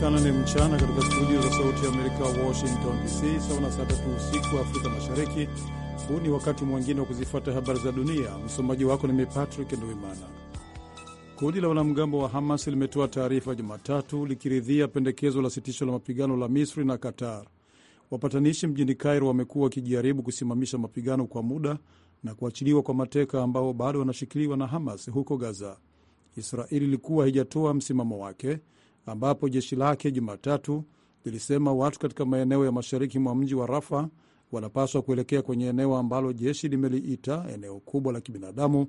sana ni mchana katika studio za Sauti ya Amerika, Washington DC, sawa na saa tatu usiku Afrika Mashariki. Huu ni wakati mwingine wa kuzifuata habari za dunia. Msomaji wako nimi Patrick Nduimana. Kundi la wanamgambo wa Hamas limetoa taarifa Jumatatu likiridhia pendekezo la sitisho la mapigano la Misri na Qatar. Wapatanishi mjini Kairo wamekuwa wakijaribu kusimamisha mapigano kwa muda na kuachiliwa kwa mateka ambao bado wanashikiliwa na Hamas huko Gaza. Israeli ilikuwa haijatoa msimamo wake ambapo jeshi lake Jumatatu lilisema watu katika maeneo ya mashariki mwa mji wa Rafa wanapaswa kuelekea kwenye eneo ambalo jeshi limeliita eneo kubwa la kibinadamu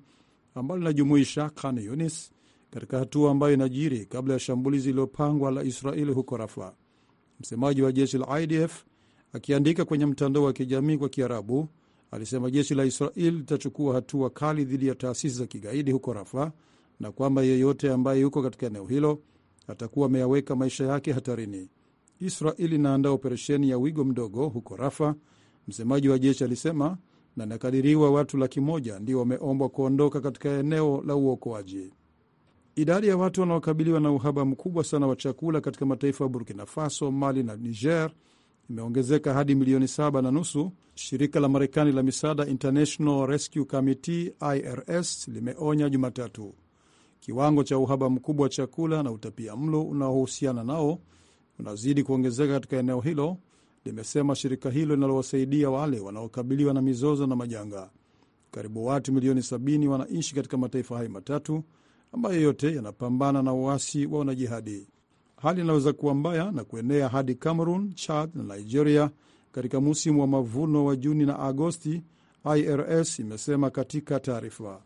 ambalo linajumuisha Khan Yunis, katika hatua ambayo inajiri kabla ya shambulizi iliyopangwa la Israeli huko Rafa. Msemaji wa jeshi la IDF akiandika kwenye mtandao wa kijamii kwa Kiarabu alisema jeshi la Israel litachukua hatua kali dhidi ya taasisi za kigaidi huko Rafa na kwamba yeyote ambaye yuko katika eneo hilo atakuwa ameyaweka maisha yake hatarini. Israel inaandaa operesheni ya wigo mdogo huko Rafa, msemaji wa jeshi alisema, na inakadiriwa watu laki moja ndio wameombwa kuondoka katika eneo la uokoaji. Idadi ya watu wanaokabiliwa na uhaba mkubwa sana wa chakula katika mataifa ya Burkina Faso, Mali na Niger imeongezeka hadi milioni saba na nusu. Shirika la Marekani la misaada International Rescue Committee IRS limeonya Jumatatu. Kiwango cha uhaba mkubwa wa chakula na utapia mlo unaohusiana nao unazidi kuongezeka katika eneo hilo, limesema shirika hilo linalowasaidia wale wanaokabiliwa na mizozo na majanga. Karibu watu milioni 70 wanaishi katika mataifa hayo matatu ambayo yote yanapambana na uasi wa wanajihadi. Hali inaweza kuwa mbaya na kuenea hadi Cameroon, Chad na Nigeria katika msimu wa mavuno wa Juni na Agosti, IRS imesema katika taarifa.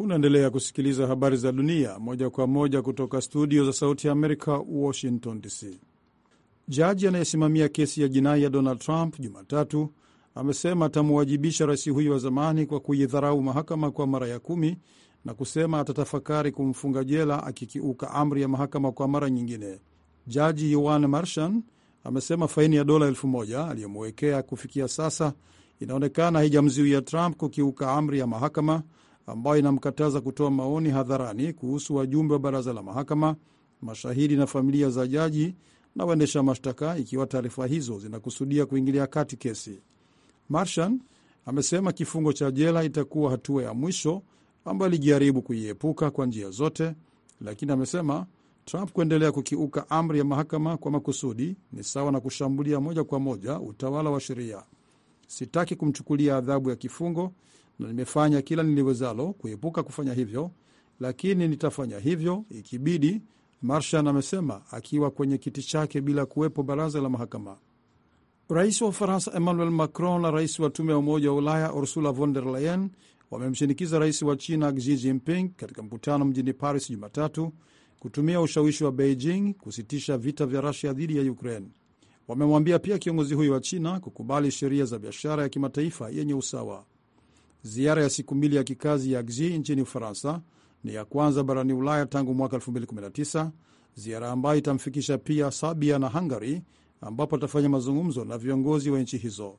Unaendelea kusikiliza habari za dunia moja kwa moja kutoka studio za Sauti ya Amerika, Washington DC. Jaji anayesimamia kesi ya jinai ya Donald Trump Jumatatu amesema atamuwajibisha rais huyo wa zamani kwa kuidharau mahakama kwa mara ya kumi na kusema atatafakari kumfunga jela akikiuka amri ya mahakama kwa mara nyingine. Jaji Yoan Marshan amesema faini ya dola elfu moja aliyomwekea kufikia sasa inaonekana haijamzuia Trump kukiuka amri ya mahakama ambayo inamkataza kutoa maoni hadharani kuhusu wajumbe wa baraza la mahakama, mashahidi na familia za jaji na waendesha mashtaka, ikiwa taarifa hizo zinakusudia kuingilia kati kesi. Marshan amesema kifungo cha jela itakuwa hatua ya mwisho ambayo alijaribu kuiepuka kwa njia zote, lakini amesema Trump kuendelea kukiuka amri ya mahakama kwa makusudi ni sawa na kushambulia moja kwa moja utawala wa sheria. Sitaki kumchukulia adhabu ya kifungo na nimefanya kila niliwezalo kuepuka kufanya hivyo, lakini nitafanya hivyo ikibidi, Marshan amesema akiwa kwenye kiti chake bila kuwepo baraza la mahakama. Rais wa Ufaransa Emmanuel Macron na rais wa tume ya Umoja wa Ulaya Ursula von der Leyen wamemshinikiza rais wa China Xi Jinping katika mkutano mjini Paris Jumatatu kutumia ushawishi wa Beijing kusitisha vita vya Rusia dhidi ya Ukraine. Wamemwambia pia kiongozi huyo wa China kukubali sheria za biashara ya kimataifa yenye usawa. Ziara ya siku mbili ya kikazi ya Xi nchini Ufaransa ni ya kwanza barani Ulaya tangu mwaka 2019, ziara ambayo itamfikisha pia Sabia na Hungary, ambapo atafanya mazungumzo na viongozi wa nchi hizo.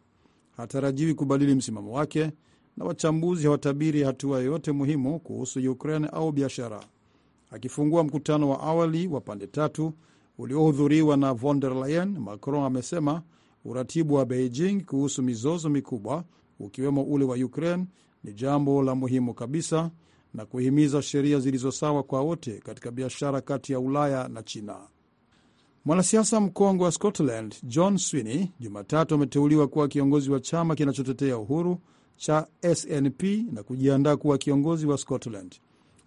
Hatarajiwi kubadili msimamo wake na wachambuzi hawatabiri hatua yoyote muhimu kuhusu Ukraine au biashara. Akifungua mkutano wa awali wa pande tatu uliohudhuriwa na von der Leyen, Macron amesema uratibu wa Beijing kuhusu mizozo mikubwa ukiwemo ule wa Ukraine ni jambo la muhimu kabisa na kuhimiza sheria zilizo sawa kwa wote katika biashara kati ya Ulaya na China. Mwanasiasa mkongwe wa Scotland John Swinney Jumatatu ameteuliwa kuwa kiongozi wa chama kinachotetea uhuru cha SNP na kujiandaa kuwa kiongozi wa Scotland.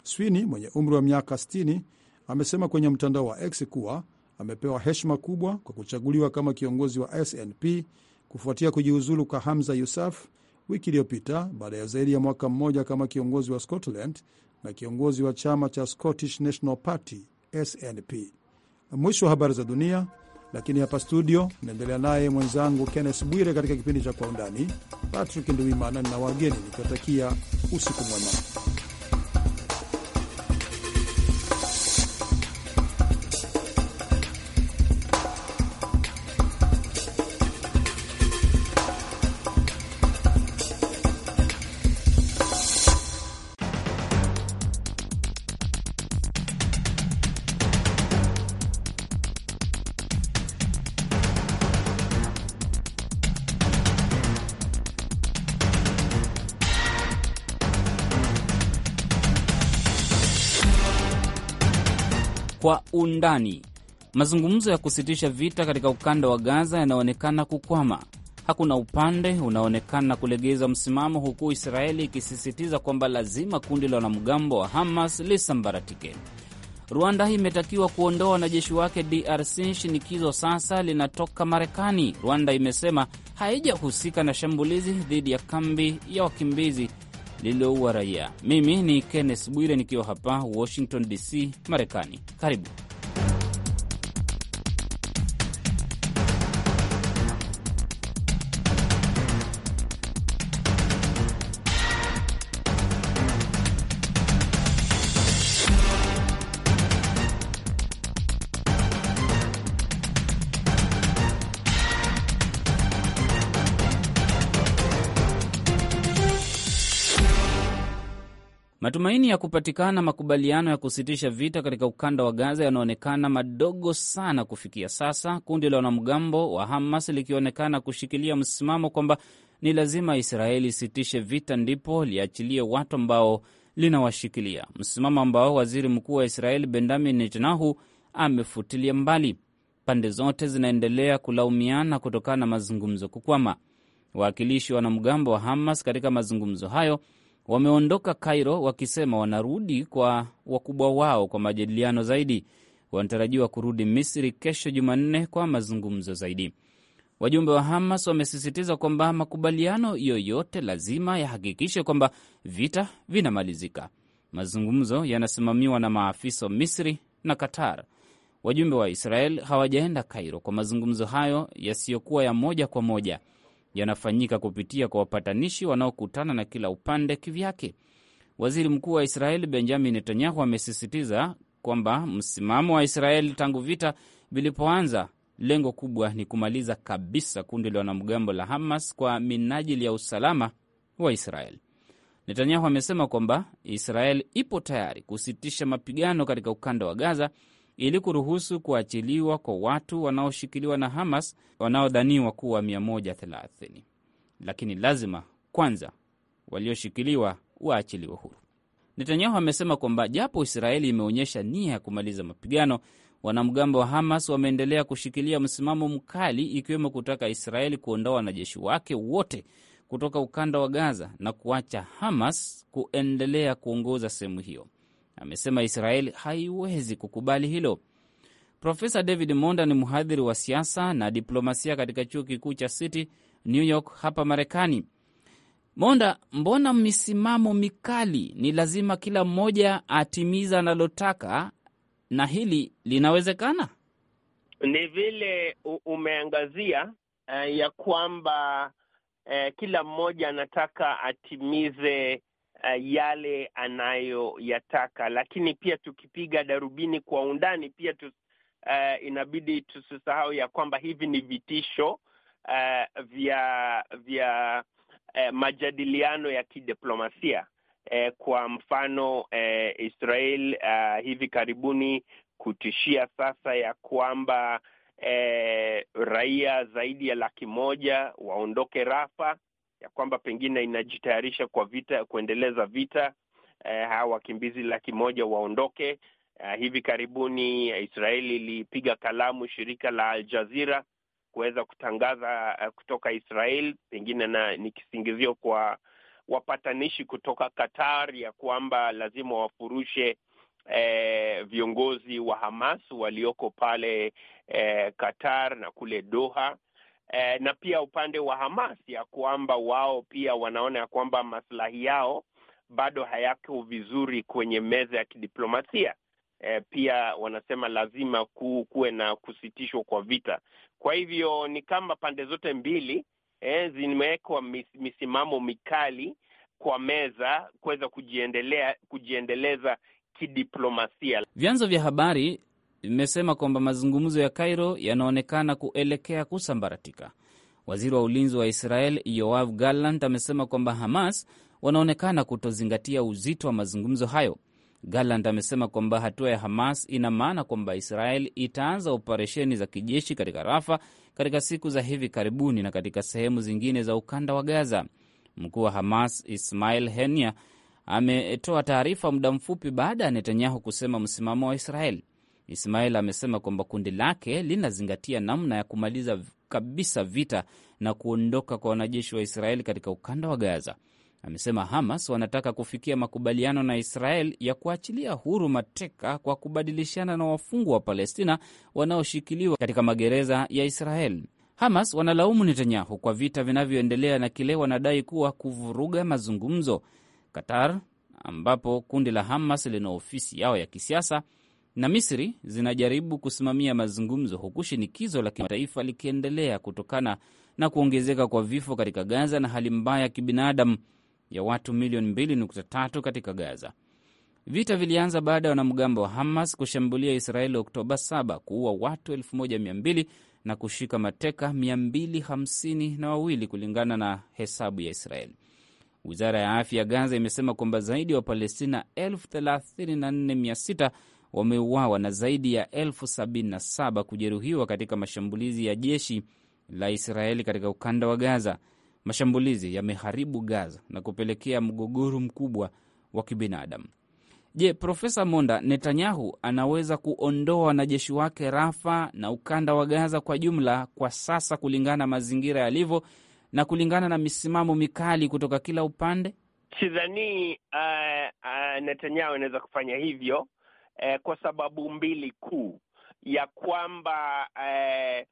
Swinney mwenye umri wa miaka 60 amesema kwenye mtandao wa X kuwa amepewa heshima kubwa kwa kuchaguliwa kama kiongozi wa SNP kufuatia kujiuzulu kwa Hamza Yusuf wiki iliyopita baada ya zaidi ya mwaka mmoja kama kiongozi wa Scotland na kiongozi wa chama cha Scottish National Party SNP. Mwisho wa habari za dunia, lakini hapa studio naendelea naye mwenzangu Kenneth Bwire katika kipindi cha Kwa Undani. Patrick Nduimana na wageni nikiwatakia usiku mwema. undani. Mazungumzo ya kusitisha vita katika ukanda wa Gaza yanaonekana kukwama. Hakuna upande unaonekana kulegeza msimamo, huku Israeli ikisisitiza kwamba lazima kundi la wanamgambo wa Hamas lisambaratike. Rwanda imetakiwa kuondoa wanajeshi wake DRC. Shinikizo sasa linatoka Marekani. Rwanda imesema haijahusika na shambulizi dhidi ya kambi ya wakimbizi lililoua raia. Mimi ni Kenneth Bwire nikiwa hapa Washington DC, Marekani. Karibu. ya kupatikana makubaliano ya kusitisha vita katika ukanda wa Gaza yanaonekana madogo sana kufikia sasa, kundi la wanamgambo wa Hamas likionekana kushikilia msimamo kwamba ni lazima Israeli isitishe vita ndipo liachilie watu ambao linawashikilia, msimamo ambao waziri mkuu wa Israeli Benjamin Netanyahu amefutilia mbali. Pande zote zinaendelea kulaumiana kutokana na mazungumzo kukwama. Wawakilishi wa wanamgambo wa Hamas katika mazungumzo hayo Wameondoka Cairo wakisema wanarudi kwa wakubwa wao kwa majadiliano zaidi. Wanatarajiwa kurudi Misri kesho Jumanne kwa mazungumzo zaidi. Wajumbe wa Hamas wamesisitiza kwamba makubaliano yoyote lazima yahakikishe kwamba vita vinamalizika. Mazungumzo yanasimamiwa na maafisa wa Misri na Qatar. Wajumbe wa Israel hawajaenda Kairo kwa mazungumzo hayo yasiyokuwa ya moja kwa moja yanafanyika kupitia kwa wapatanishi wanaokutana na kila upande kivyake. Waziri Mkuu wa Israeli Benjamin Netanyahu amesisitiza kwamba msimamo wa Israeli tangu vita vilipoanza, lengo kubwa ni kumaliza kabisa kundi la wanamgambo la Hamas kwa minajili ya usalama wa Israeli. Netanyahu amesema kwamba Israeli ipo tayari kusitisha mapigano katika ukanda wa Gaza ili kuruhusu kuachiliwa kwa watu wanaoshikiliwa na Hamas wanaodhaniwa kuwa 130 lakini lazima kwanza walioshikiliwa waachiliwe huru. Netanyahu amesema kwamba japo Israeli imeonyesha nia ya kumaliza mapigano, wanamgambo wa Hamas wameendelea kushikilia msimamo mkali, ikiwemo kutaka Israeli kuondoa wanajeshi wake wote kutoka ukanda wa Gaza na kuacha Hamas kuendelea kuongoza sehemu hiyo amesema Israeli haiwezi kukubali hilo. Profesa David Monda ni mhadhiri wa siasa na diplomasia katika chuo kikuu cha City New York hapa Marekani. Monda, mbona misimamo mikali? Ni lazima kila mmoja atimiza analotaka, na hili linawezekana? Ni vile umeangazia eh, ya kwamba eh, kila mmoja anataka atimize uh, yale anayoyataka, lakini pia tukipiga darubini kwa undani pia tu, uh, inabidi tusisahau ya kwamba hivi ni vitisho uh, vya vya uh, majadiliano ya kidiplomasia uh, kwa mfano uh, Israel uh, hivi karibuni kutishia sasa ya kwamba E, raia zaidi ya laki moja waondoke Rafa ya kwamba pengine inajitayarisha kwa vita, kuendeleza vita eh, hawa wakimbizi laki moja waondoke. Eh, hivi karibuni Israeli ilipiga kalamu shirika la Al kuweza kutangaza eh, kutoka Israel, pengine na ni kisingizio kwa wapatanishi kutoka Qatar ya kwamba lazima wafurushe eh, viongozi wa Hamas walioko pale eh, Qatar na kule Doha eh, na pia upande wa Hamas ya kwamba wao pia wanaona ya kwamba maslahi yao bado hayako vizuri kwenye meza ya kidiplomasia. Eh, pia wanasema lazima ku, kuwe na kusitishwa kwa vita. Kwa hivyo ni kama pande zote mbili eh, zimewekwa mis, misimamo mikali kwa meza kuweza kujiendelea kujiendeleza kidiplomasia. Vyanzo vya habari imesema kwamba mazungumzo ya Cairo yanaonekana kuelekea kusambaratika. Waziri wa ulinzi wa Israel Yoav Gallant amesema kwamba Hamas wanaonekana kutozingatia uzito wa mazungumzo hayo. Gallant amesema kwamba hatua ya Hamas ina maana kwamba Israel itaanza operesheni za kijeshi katika Rafa katika siku za hivi karibuni na katika sehemu zingine za ukanda wa Gaza. Mkuu wa Hamas Ismail Henia ametoa taarifa muda mfupi baada ya Netanyahu kusema msimamo wa Israel. Ismail amesema kwamba kundi lake linazingatia namna ya kumaliza kabisa vita na kuondoka kwa wanajeshi wa Israeli katika ukanda wa Gaza. Amesema Hamas wanataka kufikia makubaliano na Israel ya kuachilia huru mateka kwa kubadilishana na wafungwa wa Palestina wanaoshikiliwa katika magereza ya Israel. Hamas wanalaumu Netanyahu kwa vita vinavyoendelea na kile wanadai kuwa kuvuruga mazungumzo. Qatar, ambapo kundi la Hamas lina ofisi yao ya kisiasa na Misri zinajaribu kusimamia mazungumzo, huku shinikizo la kimataifa likiendelea kutokana na kuongezeka kwa vifo katika Gaza na hali mbaya ya kibinadamu ya watu milioni 2.3 katika Gaza. Vita vilianza baada ya wanamgambo wa Hamas kushambulia Israeli Oktoba 7 kuua watu 1200 na kushika mateka 25 na wawili kulingana na hesabu ya Israeli. Wizara ya afya ya Gaza imesema kwamba zaidi ya Wapalestina 34600 wameuawa na zaidi ya elfu sabini na saba kujeruhiwa katika mashambulizi ya jeshi la Israeli katika ukanda wa Gaza. Mashambulizi yameharibu Gaza na kupelekea mgogoro mkubwa wa kibinadamu. Je, Profesa Monda, Netanyahu anaweza kuondoa wanajeshi wake Rafa na ukanda wa Gaza kwa jumla kwa sasa, kulingana mazingira yalivyo na kulingana na misimamo mikali kutoka kila upande? Sidhani uh, uh, Netanyahu anaweza kufanya hivyo eh, kwa sababu mbili kuu, ya kwamba eh,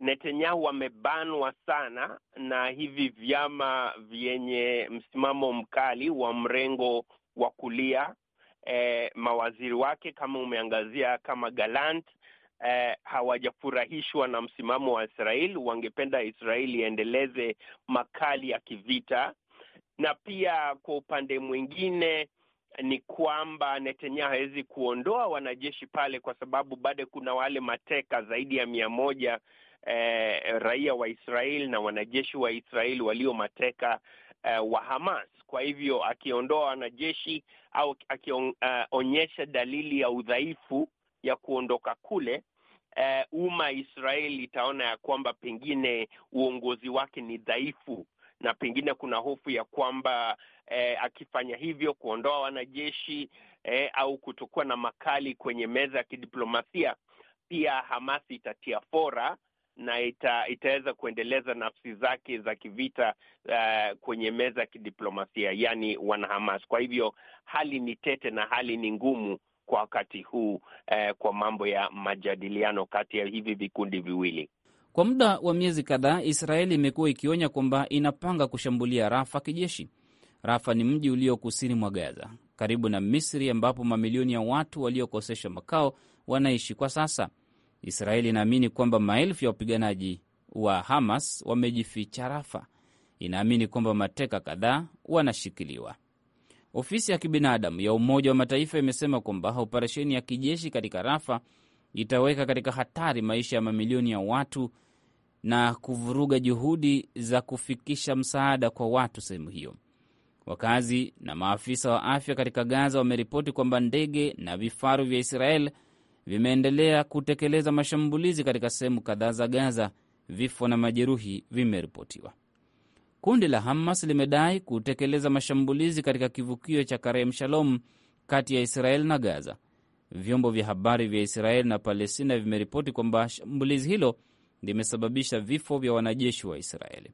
Netanyahu amebanwa sana na hivi vyama vyenye msimamo mkali wa mrengo wa kulia eh, mawaziri wake kama umeangazia kama Galant eh, hawajafurahishwa na msimamo wa israel wangependa israel iendeleze makali ya kivita, na pia kwa upande mwingine ni kwamba Netanyahu hawezi kuondoa wanajeshi pale kwa sababu bado kuna wale mateka zaidi ya mia moja eh, raia wa Israel na wanajeshi wa Israel walio mateka eh, wa Hamas. Kwa hivyo akiondoa wanajeshi au akionyesha eh, uh, dalili ya udhaifu ya kuondoka kule eh, umma uh, itaona ya kwamba pengine uongozi wake ni dhaifu na pengine kuna hofu ya kwamba eh, akifanya hivyo kuondoa wanajeshi eh, au kutokuwa na makali kwenye meza ya kidiplomasia, pia Hamasi itatia fora na ita, itaweza kuendeleza nafsi zake za kivita uh, kwenye meza ya kidiplomasia yaani wanahamas. Kwa hivyo hali ni tete na hali ni ngumu kwa wakati huu uh, kwa mambo ya majadiliano kati ya hivi vikundi viwili. Kwa muda wa miezi kadhaa, Israeli imekuwa ikionya kwamba inapanga kushambulia Rafa kijeshi. Rafa ni mji ulio kusini mwa Gaza, karibu na Misri, ambapo mamilioni ya watu waliokosesha makao wanaishi kwa sasa. Israeli inaamini kwamba maelfu ya wapiganaji wa Hamas wamejificha Rafa. Inaamini kwamba mateka kadhaa wanashikiliwa. Ofisi ya kibinadamu ya Umoja wa Mataifa imesema kwamba operesheni ya kijeshi katika Rafa itaweka katika hatari maisha ya mamilioni ya watu na kuvuruga juhudi za kufikisha msaada kwa watu sehemu hiyo. Wakazi na maafisa wa afya katika Gaza wameripoti kwamba ndege na vifaru vya Israel vimeendelea kutekeleza mashambulizi katika sehemu kadhaa za Gaza. Vifo na majeruhi vimeripotiwa. Kundi la Hamas limedai kutekeleza mashambulizi katika kivukio cha Karem Shalom kati ya Israel na Gaza. Vyombo vya habari vya Israel na Palestina vimeripoti kwamba shambulizi hilo limesababisha vifo vya wanajeshi wa Israeli.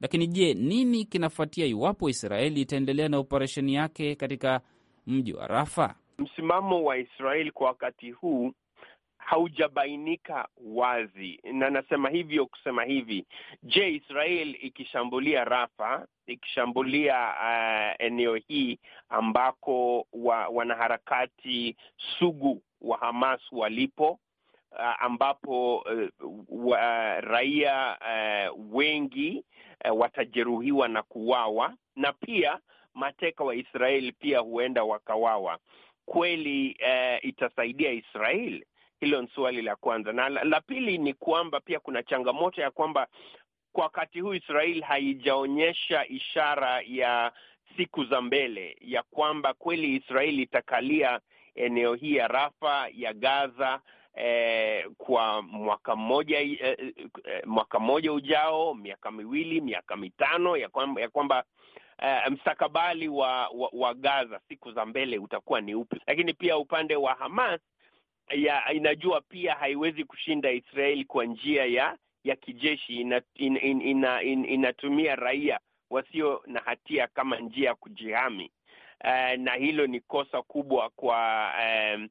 Lakini je, nini kinafuatia iwapo Israeli itaendelea na operesheni yake katika mji wa Rafa? Msimamo wa Israeli kwa wakati huu haujabainika wazi, na nasema hivyo kusema hivi. Je, Israel ikishambulia Rafa, ikishambulia uh, eneo hii ambako wa, wanaharakati sugu wa Hamas walipo uh, ambapo uh, wa, raia uh, wengi uh, watajeruhiwa na kuwawa na pia mateka wa Israeli pia huenda wakawawa. Kweli uh, itasaidia Israeli? Hilo ni swali la kwanza, na la, la pili ni kwamba pia kuna changamoto ya kwamba kwa wakati huu israel haijaonyesha ishara ya siku za mbele ya kwamba kweli israel itakalia eneo hii ya Rafa ya Gaza eh, kwa mwaka mmoja eh, eh, mwaka mmoja ujao, miaka miwili, miaka mitano, ya kwamba, ya kwamba Uh, mstakabali wa, wa wa Gaza siku za mbele utakuwa ni upi. Lakini pia upande wa Hamas ya inajua pia haiwezi kushinda Israeli kwa njia ya ya kijeshi. Inat, in, in, in, in, inatumia raia wasio na hatia kama njia ya kujihami. Eh, na hilo ni kosa kubwa kwa eh,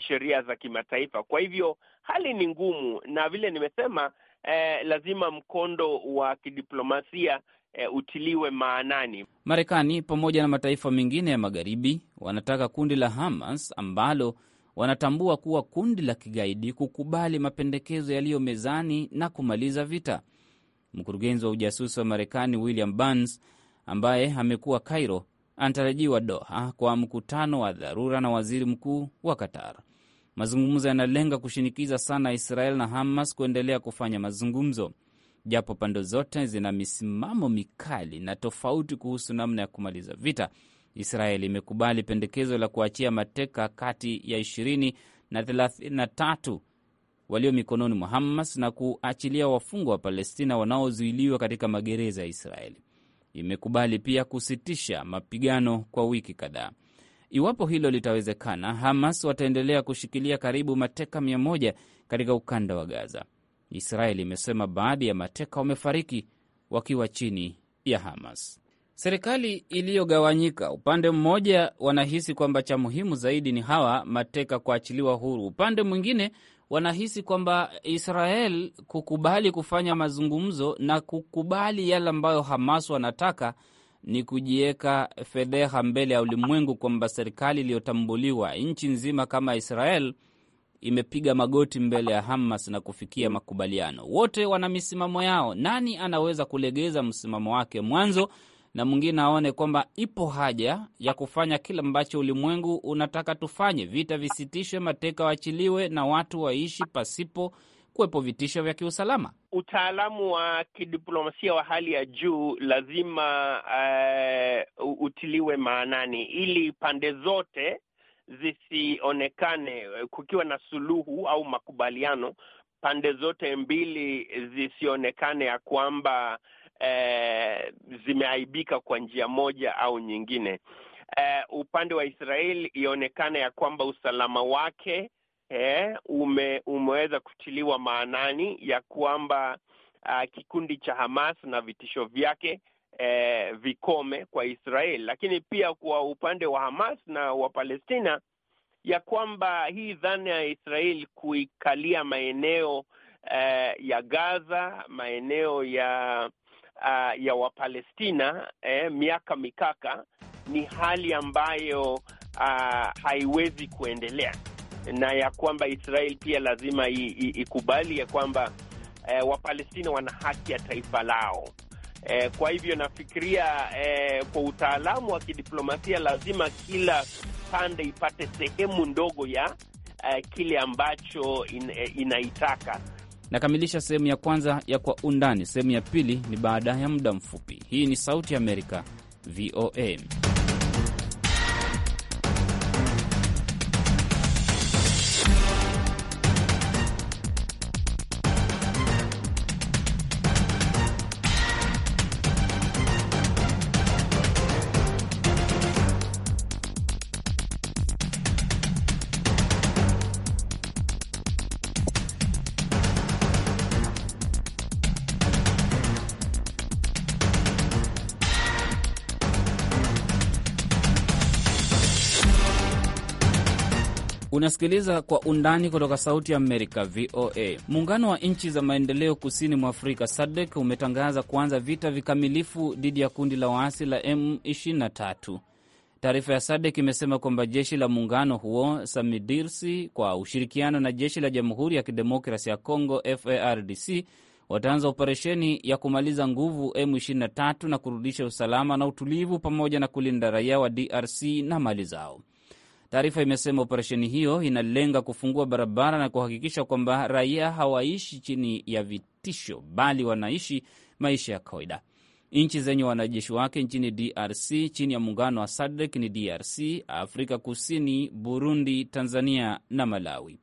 sheria za kimataifa. Kwa hivyo hali ni ngumu, na vile nimesema, eh, lazima mkondo wa kidiplomasia eh, utiliwe maanani. Marekani pamoja na mataifa mengine ya magharibi wanataka kundi la Hamas ambalo wanatambua kuwa kundi la kigaidi kukubali mapendekezo yaliyo mezani na kumaliza vita. Mkurugenzi wa ujasusi wa Marekani William Burns ambaye amekuwa Cairo anatarajiwa Doha kwa mkutano wa dharura na waziri mkuu wa Qatar. Mazungumzo yanalenga kushinikiza sana Israel na Hamas kuendelea kufanya mazungumzo, japo pande zote zina misimamo mikali na tofauti kuhusu namna ya kumaliza vita. Israel imekubali pendekezo la kuachia mateka kati ya 20 na 33 walio mikononi mwa Hamas na kuachilia wafungwa wa Palestina wanaozuiliwa katika magereza ya Israeli imekubali pia kusitisha mapigano kwa wiki kadhaa. Iwapo hilo litawezekana, Hamas wataendelea kushikilia karibu mateka mia moja katika ukanda wa Gaza. Israeli imesema baadhi ya mateka wamefariki wakiwa chini ya Hamas. Serikali iliyogawanyika, upande mmoja wanahisi kwamba cha muhimu zaidi ni hawa mateka kuachiliwa huru, upande mwingine wanahisi kwamba Israel kukubali kufanya mazungumzo na kukubali yale ambayo Hamas wanataka ni kujiweka fedheha mbele ya ulimwengu, kwamba serikali iliyotambuliwa nchi nzima kama Israel imepiga magoti mbele ya Hamas na kufikia makubaliano. Wote wana misimamo yao, nani anaweza kulegeza msimamo wake mwanzo na mwingine aone kwamba ipo haja ya kufanya kile ambacho ulimwengu unataka tufanye: vita visitishwe, mateka waachiliwe na watu waishi pasipo kuwepo vitisho vya kiusalama. Utaalamu wa kidiplomasia wa hali ya juu lazima uh, utiliwe maanani ili pande zote zisionekane kukiwa na suluhu au makubaliano, pande zote mbili zisionekane ya kwamba eh, zimeaibika kwa njia moja au nyingine. Eh, upande wa israel ionekana ya kwamba usalama wake eh, ume, umeweza kutiliwa maanani ya kwamba uh, kikundi cha Hamas na vitisho vyake eh, vikome kwa israel lakini pia kwa upande wa Hamas na wa Palestina ya kwamba hii dhana ya israel kuikalia maeneo eh, ya Gaza, maeneo ya uh, ya Wapalestina eh, miaka mikaka, ni hali ambayo uh, haiwezi kuendelea na ya kwamba Israel pia lazima i, i, ikubali ya kwamba eh, Wapalestina wana haki ya taifa lao. Eh, kwa hivyo nafikiria eh, kwa utaalamu wa kidiplomasia lazima kila pande ipate sehemu ndogo ya eh, kile ambacho in, eh, inaitaka Nakamilisha sehemu ya kwanza ya Kwa Undani. Sehemu ya pili ni baada ya muda mfupi. Hii ni Sauti ya Amerika, VOA. Unasikiliza Kwa Undani kutoka Sauti ya Amerika, VOA. Muungano wa nchi za maendeleo kusini mwa Afrika, SADC, umetangaza kuanza vita vikamilifu dhidi ya kundi la waasi la M23. Taarifa ya SADC imesema kwamba jeshi la muungano huo SAMIDIRSI kwa ushirikiano na jeshi la Jamhuri ya Kidemokrasi ya congo FARDC, wataanza operesheni ya kumaliza nguvu M23 na kurudisha usalama na utulivu pamoja na kulinda raia wa DRC na mali zao. Taarifa imesema operesheni hiyo inalenga kufungua barabara na kuhakikisha kwamba raia hawaishi chini ya vitisho, bali wanaishi maisha ya kawaida. Nchi zenye wanajeshi wake nchini DRC chini ya muungano wa SADC ni DRC, Afrika Kusini, Burundi, Tanzania na Malawi.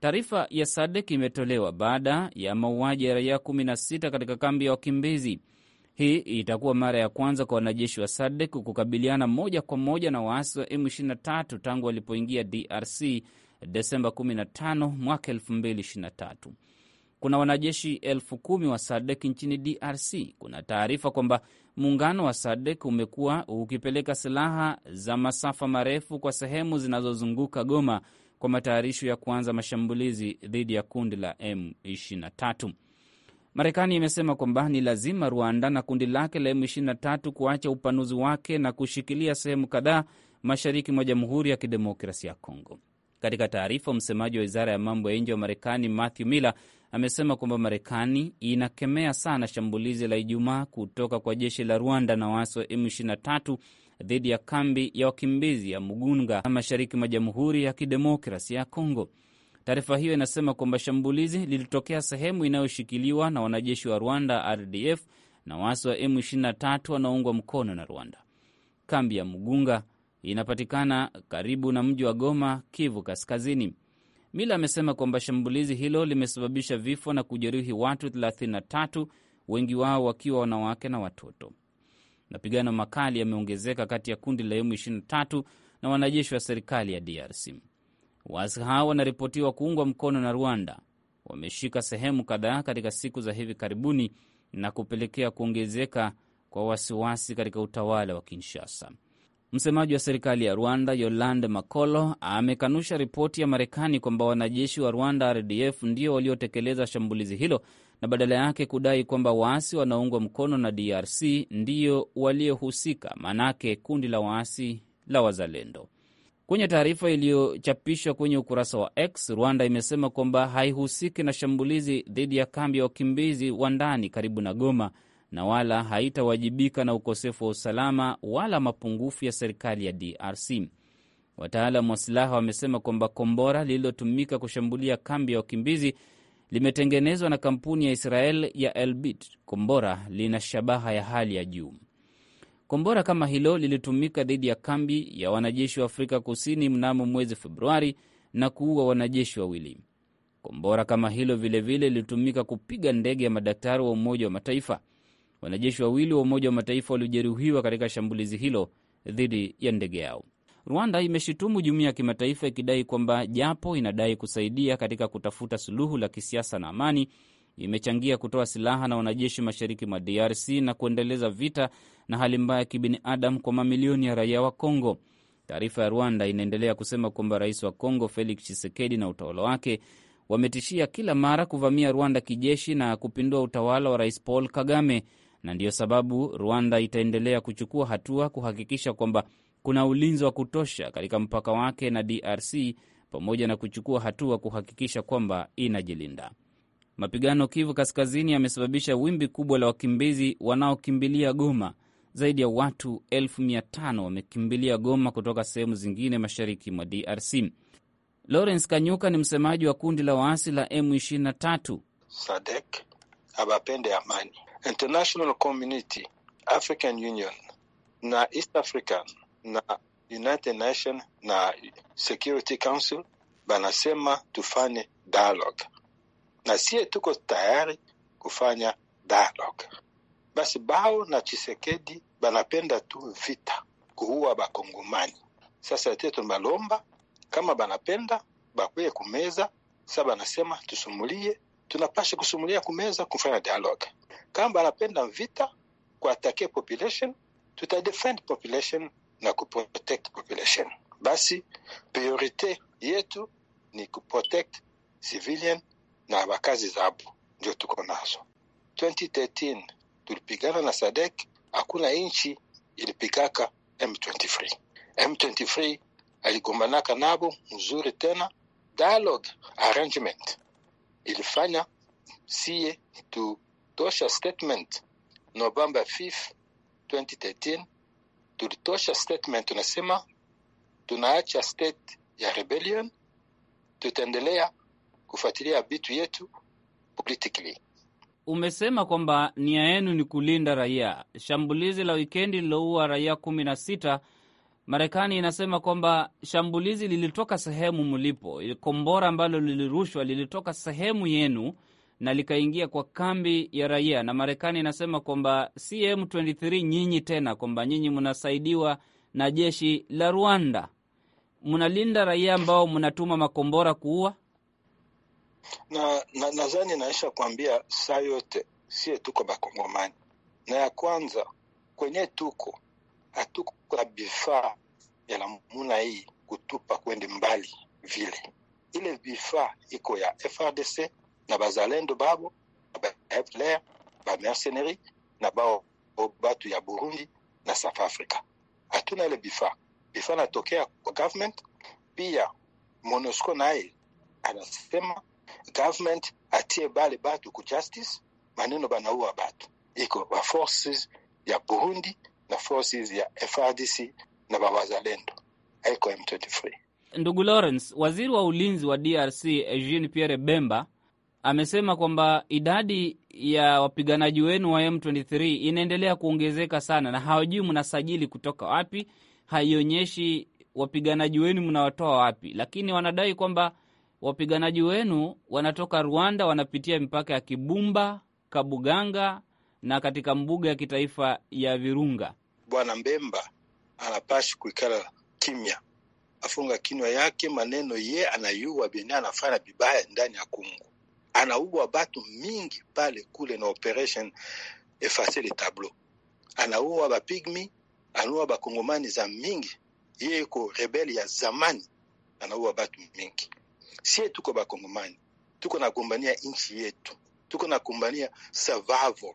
Taarifa ya SADC imetolewa baada ya mauaji ya raia 16 katika kambi ya wakimbizi. Hii itakuwa mara ya kwanza kwa wanajeshi wa SADC kukabiliana moja kwa moja na waasi wa M23 tangu walipoingia DRC Desemba 15 mwaka 2023. Kuna wanajeshi elfu kumi wa SADC nchini DRC. Kuna taarifa kwamba muungano wa SADC umekuwa ukipeleka silaha za masafa marefu kwa sehemu zinazozunguka Goma kwa matayarisho ya kuanza mashambulizi dhidi ya kundi la M23. Marekani imesema kwamba ni lazima Rwanda na kundi lake la M23 kuacha upanuzi wake na kushikilia sehemu kadhaa mashariki mwa Jamhuri ya Kidemokrasia ya Kongo. Katika taarifa, msemaji wa wizara ya mambo ya nje wa Marekani Matthew Miller amesema kwamba Marekani inakemea sana shambulizi la Ijumaa kutoka kwa jeshi la Rwanda na waasi wa M23 dhidi ya kambi ya wakimbizi ya Mugunga mashariki mwa Jamhuri ya Kidemokrasia ya Kongo. Taarifa hiyo inasema kwamba shambulizi lilitokea sehemu inayoshikiliwa na wanajeshi wa Rwanda, RDF, na waasi wa M23 wanaoungwa mkono na Rwanda. Kambi ya Mugunga inapatikana karibu na mji wa Goma, Kivu Kaskazini. Mila amesema kwamba shambulizi hilo limesababisha vifo na kujeruhi watu 33, wengi wao wakiwa wanawake na watoto. Mapigano makali yameongezeka kati ya kundi la M23 na wanajeshi wa serikali ya DRC. Waasi hao wanaripotiwa kuungwa mkono na Rwanda, wameshika sehemu kadhaa katika siku za hivi karibuni na kupelekea kuongezeka kwa wasiwasi katika utawala wa Kinshasa. Msemaji wa serikali ya Rwanda Yolande Makolo amekanusha ripoti ya Marekani kwamba wanajeshi wa Rwanda RDF ndio waliotekeleza shambulizi hilo na badala yake kudai kwamba waasi wanaoungwa mkono na DRC ndio waliohusika, maanake kundi la waasi la Wazalendo. Kwenye taarifa iliyochapishwa kwenye ukurasa wa X, Rwanda imesema kwamba haihusiki na shambulizi dhidi ya kambi ya wakimbizi wa ndani karibu na Goma na wala haitawajibika na ukosefu wa usalama wala mapungufu ya serikali ya DRC. wataalam wa silaha wamesema kwamba kombora lililotumika kushambulia kambi ya wakimbizi limetengenezwa na kampuni ya Israel ya Elbit. Kombora lina shabaha ya hali ya juu. Kombora kama hilo lilitumika dhidi ya kambi ya wanajeshi wa Afrika Kusini mnamo mwezi Februari na kuua wanajeshi wawili. Kombora kama hilo vilevile lilitumika kupiga ndege ya madaktari wa Umoja wa Mataifa. Wanajeshi wawili wa Umoja wa Mataifa waliojeruhiwa katika shambulizi hilo dhidi ya ndege yao. Rwanda imeshitumu jumuiya ya kimataifa ikidai kwamba japo inadai kusaidia katika kutafuta suluhu la kisiasa na amani, imechangia kutoa silaha na wanajeshi mashariki mwa DRC na kuendeleza vita na hali mbaya ya kibinadamu kwa mamilioni ya raia wa Kongo. Taarifa ya Rwanda inaendelea kusema kwamba rais wa Kongo Felix Tshisekedi na utawala wake wametishia kila mara kuvamia Rwanda kijeshi na kupindua utawala wa rais Paul Kagame, na ndiyo sababu Rwanda itaendelea kuchukua hatua kuhakikisha kwamba kuna ulinzi wa kutosha katika mpaka wake na DRC pamoja na kuchukua hatua kuhakikisha kwamba inajilinda. Mapigano Kivu Kaskazini yamesababisha wimbi kubwa la wakimbizi wanaokimbilia Goma. Zaidi ya watu elfu mia tano wamekimbilia Goma kutoka sehemu zingine mashariki mwa DRC. Lawrence Kanyuka ni msemaji wa kundi la waasi la M23. Sadek abapende amani, international community, African Union na East African na United na Security Council banasema tufanye dialogue na sie tuko tayari kufanya dialogue. Basi bao na Chisekedi banapenda tu vita, kuua bakongomani. Sasa te tunabalomba kama banapenda bakweye kumeza, sa banasema tusumulie, tunapasha kusumulia kumeza kufanya dialogue. Kama banapenda vita kuatake population, defend population na kuprotect population. Basi priorite yetu ni kuprotect civilian na abakazi zabu ndio tuko nazo. 2013 tulipigana na Sadek, hakuna nchi ilipigaka M23. M23 aligombanaka nabo mzuri tena, dialogue arrangement ilifanya sie tutosha statement November 5 2013 tulitosha statement tunasema tunaacha state ya rebellion, tutaendelea kufuatilia vitu yetu politically. Umesema kwamba nia yenu ni kulinda raia. Shambulizi la wikendi liloua raia kumi na sita, Marekani inasema kwamba shambulizi lilitoka sehemu mlipo, kombora ambalo lilirushwa lilitoka sehemu yenu na likaingia kwa kambi ya raia, na Marekani inasema kwamba cm 23 nyinyi tena, kwamba nyinyi mnasaidiwa na jeshi la Rwanda, mnalinda raia ambao mnatuma makombora kuua na nadhani naisha kuambia saa yote sie tuko bakongomani, na ya kwanza kwenye tuko hatuko na vifaa ya namuna hii kutupa kwende mbali vile. Ile bifaa iko ya FRDC na bazalendo babo na ba ba mercenari na bao batu ya Burundi na South Africa, hatuna ile bifaa. Vifaa natokea kwa government. Pia MONUSCO naye anasema government atie bale batu ku justice, maneno banaua batu iko ba forces ya Burundi na forces ya FRDC na bawazalendo aiko M23. Ndugu Lawrence, waziri wa ulinzi wa DRC Jean Pierre Bemba amesema kwamba idadi ya wapiganaji wenu wa M23 inaendelea kuongezeka sana, na hawajui mnasajili kutoka wapi, haionyeshi wapiganaji wenu mnawatoa wapi, lakini wanadai kwamba wapiganaji wenu wanatoka Rwanda, wanapitia mipaka ya Kibumba, Kabuganga na katika mbuga ya kitaifa ya Virunga. Bwana Mbemba anapashi kuikala kimya, afunga kinywa yake maneno ye anayua bene anafanya bibaya ndani ya Kongo, anaua batu mingi pale kule na operation efase le tableau, anaua bapigmi, anaua bakongomani za mingi. ye iko rebeli ya zamani, anaua batu mingi Sie tuko Bakongomani, tuko nagombania nchi yetu, tuko nagombania survival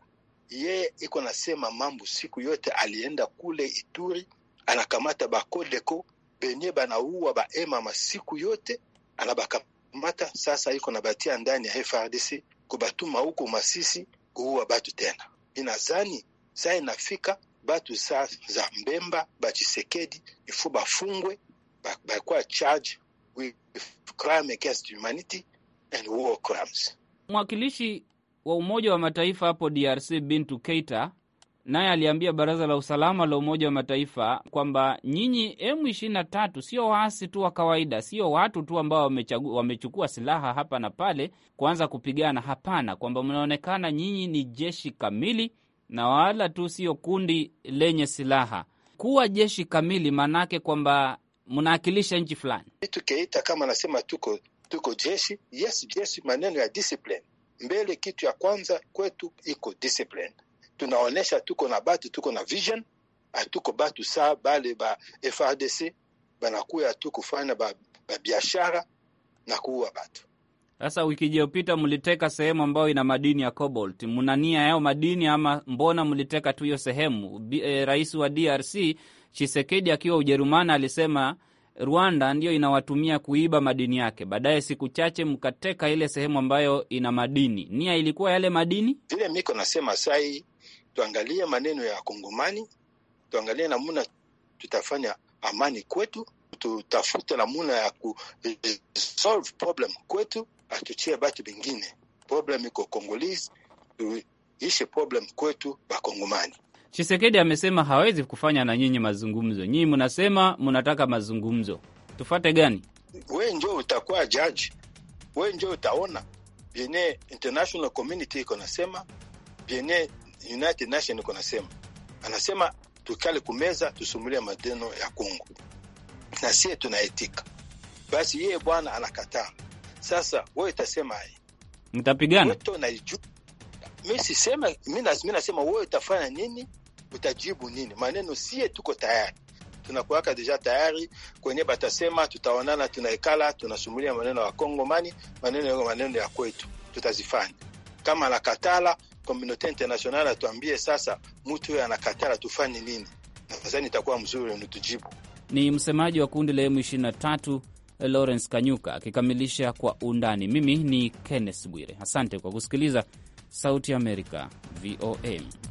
Yeye iko nasema mambo siku yote, alienda kule Ituri anakamata bakodeko benye banauwa baema masiku yote anabakamata. Sasa iko nabatia ndani ya FRDC kubatuma huko Masisi kuua batu tena. Inazani saa inafika batu saa za mbemba bachisekedi ifu bafungwe bakwa charge crime against humanity and war crimes. Mwakilishi wa Umoja wa Mataifa hapo DRC Bintu Keita naye aliambia Baraza la Usalama la Umoja wa Mataifa kwamba nyinyi M23 sio waasi tu wa kawaida, sio watu tu ambao wamechukua silaha hapa na pale kuanza kupigana. Hapana, kwamba mnaonekana nyinyi ni jeshi kamili na wala tu sio kundi lenye silaha. Kuwa jeshi kamili maanake kwamba mnaakilisha nchi fulani. Tukiita kama anasema tuko tuko jeshi, yes, jeshi, maneno ya discipline mbele. Kitu ya kwanza kwetu iko discipline, tunaonyesha tuko na batu, tuko na vision, hatuko batu saa bale ba FRDC banakuya tu kufanya ba, ba biashara na kuua batu. Sasa wiki iliyopita mliteka sehemu ambayo ina madini ya cobalt, mna nia yao madini ama mbona mliteka tu hiyo sehemu? E, rais wa DRC Chisekedi akiwa Ujerumani alisema Rwanda ndiyo inawatumia kuiba madini yake. Baadaye siku chache mkateka ile sehemu ambayo ina madini. Nia ilikuwa yale madini vile. Miko nasema sai, tuangalie maneno ya Kongomani, tuangalie namuna tutafanya amani kwetu, tutafute namuna ya ku solve problem kwetu, atuchie batu bengine. Problem iko Kongolese, tuishe problem kwetu bakongomani Chisekedi amesema hawezi kufanya na nyinyi mazungumzo. Nyinyi mnasema mnataka mazungumzo, tufate gani? We njo utakuwa jaji, we njo utaona vyenye international community iko nasema, vyenye United Nation iko nasema. Anasema tukale kumeza, tusumulia madeno ya Kongo na sie tunaitika. Basi yeye bwana anakataa. Sasa we itasema ayi, mtapigana mi sisema, mi nasema wewe utafanya nini, utajibu nini. Maneno sie tuko tayari tunakuwaka deja tayari kwenye batasema, tutaonana, tunaikala, tunasumulia maneno ya mani maneno maneno ya kwetu tutazifanya. Kama anakatala komunote international atuambie, sasa mtu huyo anakatala, tufanye nini? Nadhani itakuwa mzuri nitujibu. Ni msemaji wa kundi la emu 23 Lawrence Kanyuka akikamilisha kwa undani. Mimi ni Kenneth Bwire, asante kwa kusikiliza. Sauti Amerika, VOA.